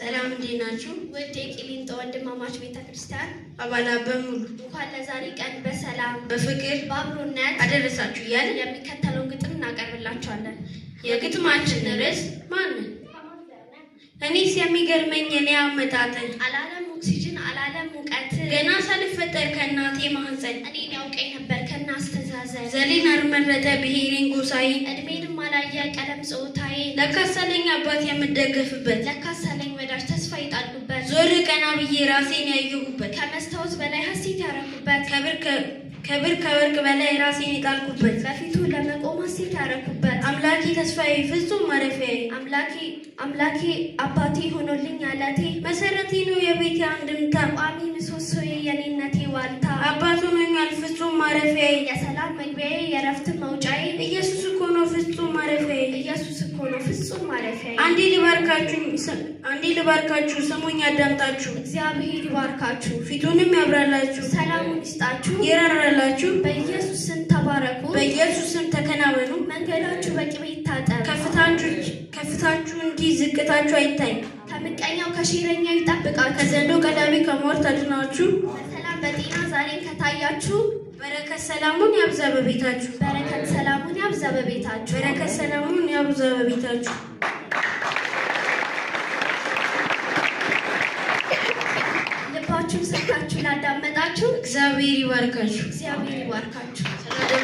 ሰላም እንዴት ናችሁ? ውድ የቂሊንጦ ወንድማማች ቤተ ክርስቲያን አባላት በሙሉ እንኳን ለዛሬ ቀን በሰላም በፍቅር በአብሮነት አደረሳችሁ እያለ የሚከተለውን ግጥም እናቀርብላችኋለን። የግጥማችን ርዕስ ማንን እኔስ የሚገርመኝ የኔ አመጣጠን አላለም ኦክሲጅን አላለም ሙቀት ገና ሳልፈጠር ከእናቴ ማህፀን እኔን ያውቀኝ ነበር ከእናስተዛዘን ዘሌን አርመረጠ ብሄሬን ጎሳዬን እድሜ ማላያ ቀለም ጾታዬ ለካሳለኝ አባት የምደገፍበት ለካሳለኝ ወዳጅ ተስፋ ይጣልኩበት ዞር ቀና ብዬ ራሴን ያየሁበት ከመስታወት በላይ ሀሴት ያረኩበት ከብር ከወርቅ በላይ ራሴን ይጣልኩበት በፊቱ ለመቆም ሀሴት ያረኩበት አምላኬ ተስፋዬ ፍጹም ማረፊያዬ አምላኬ አምላኬ አባቴ ሆኖልኝ አለቴ። መሰረቴ ነው የቤቴ አንድምታ ቋሚ ምሰሶ የኔነቴ ዋልታ አባት ሆኖኛል ፍጹም ማረፊያዬ የሰላም መግቢያዬ የረፍት መውጫዬ ፍጹም ማረፊያ ኢየሱስ እኮ ነው ፍጹም ማረፊያ። አንዴ ልባርካችሁ አንዴ ልባርካችሁ፣ ስሙኝ አዳምጣችሁ። እግዚአብሔር ይባርካችሁ፣ ፊቱንም ያብራላችሁ፣ ሰላሙን ይስጣችሁ፣ ይራራላችሁ። በኢየሱስ ስም ተባረኩ፣ በኢየሱስ ስም ተከናወኑ። መንገዳችሁ በቅቤ ይታጠብ፣ ከፍታችሁ እንጂ ዝቅታችሁ አይታይ። ከምቀኛው ከሽረኛው ይጠብቃል። ከዘንዶ ቀዳሚ ከመዋል ታድናችሁ። በሰላም በጤና ዛሬን ከታያችሁ በረከት ሰላሙን ያብዛ በቤታችሁ። በረከት ሰላሙን ያብዛ በቤታችሁ። በረከት ሰላሙን ያብዛ በቤታችሁ። ልባችሁ ሰጥታችሁ ላዳመጣችሁ እግዚአብሔር ይባርካችሁ። እግዚአብሔር ይባርካችሁ።